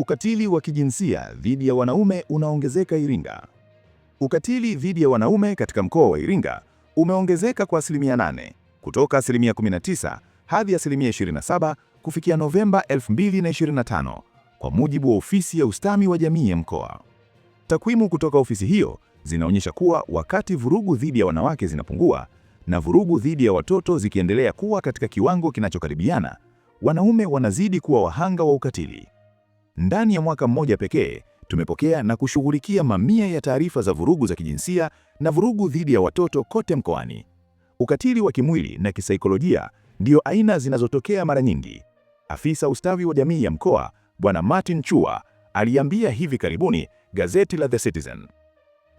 Ukatili wa kijinsia dhidi ya wanaume unaongezeka Iringa. Ukatili dhidi ya wanaume katika mkoa wa Iringa umeongezeka kwa asilimia 8 kutoka asilimia 19 hadi asilimia 27 kufikia Novemba 2025 kwa mujibu wa ofisi ya ustawi wa jamii ya mkoa. Takwimu kutoka ofisi hiyo zinaonyesha kuwa wakati vurugu dhidi ya wanawake zinapungua na vurugu dhidi ya watoto zikiendelea kuwa katika kiwango kinachokaribiana, wanaume wanazidi kuwa wahanga wa ukatili. Ndani ya mwaka mmoja pekee tumepokea na kushughulikia mamia ya taarifa za vurugu za kijinsia na vurugu dhidi ya watoto kote mkoani. Ukatili wa kimwili na kisaikolojia ndiyo aina zinazotokea mara nyingi. Afisa ustawi wa jamii ya mkoa Bwana Martin Chua aliambia hivi karibuni gazeti la The Citizen.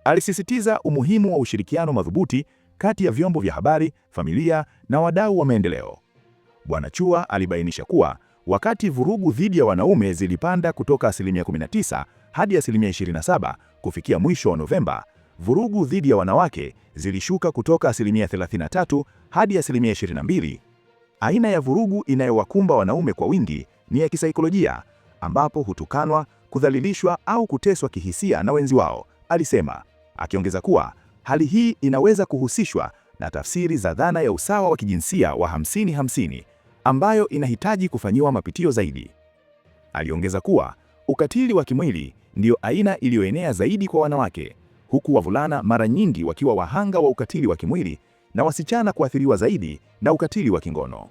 Alisisitiza umuhimu wa ushirikiano madhubuti kati ya vyombo vya habari, familia na wadau wa maendeleo. Bwana Chua alibainisha kuwa Wakati vurugu dhidi ya wanaume zilipanda kutoka asilimia 19 hadi asilimia 27 kufikia mwisho wa Novemba, vurugu dhidi ya wanawake zilishuka kutoka asilimia 33 hadi asilimia 22. Aina ya vurugu inayowakumba wanaume kwa wingi ni ya kisaikolojia, ambapo hutukanwa, kudhalilishwa au kuteswa kihisia na wenzi wao, alisema, akiongeza kuwa hali hii inaweza kuhusishwa na tafsiri za dhana ya usawa wa kijinsia wa 50-50 ambayo inahitaji kufanyiwa mapitio zaidi. Aliongeza kuwa ukatili wa kimwili ndiyo aina iliyoenea zaidi kwa wanawake, huku wavulana mara nyingi wakiwa wahanga wa ukatili wa kimwili na wasichana kuathiriwa zaidi na ukatili wa kingono.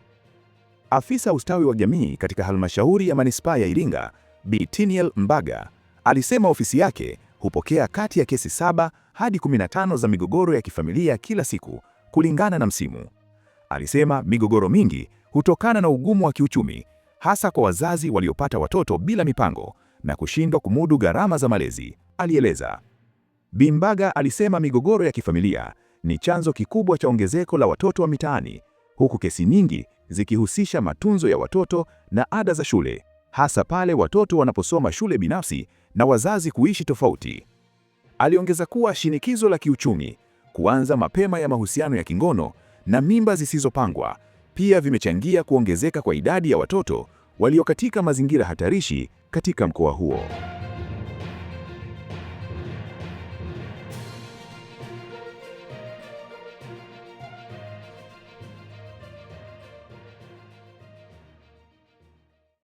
Afisa ustawi wa jamii katika halmashauri ya manispaa ya Iringa, Bi Tiniel Mbaga, alisema ofisi yake hupokea kati ya kesi saba hadi 15 za migogoro ya kifamilia kila siku kulingana na msimu. Alisema migogoro mingi hutokana na ugumu wa kiuchumi, hasa kwa wazazi waliopata watoto bila mipango na kushindwa kumudu gharama za malezi, alieleza. Bi Mbaga alisema migogoro ya kifamilia ni chanzo kikubwa cha ongezeko la watoto wa mitaani, huku kesi nyingi zikihusisha matunzo ya watoto na ada za shule, hasa pale watoto wanaposoma shule binafsi na wazazi kuishi tofauti. Aliongeza kuwa shinikizo la kiuchumi, kuanza mapema ya mahusiano ya kingono na mimba zisizopangwa pia vimechangia kuongezeka kwa idadi ya watoto walio katika mazingira hatarishi katika mkoa huo.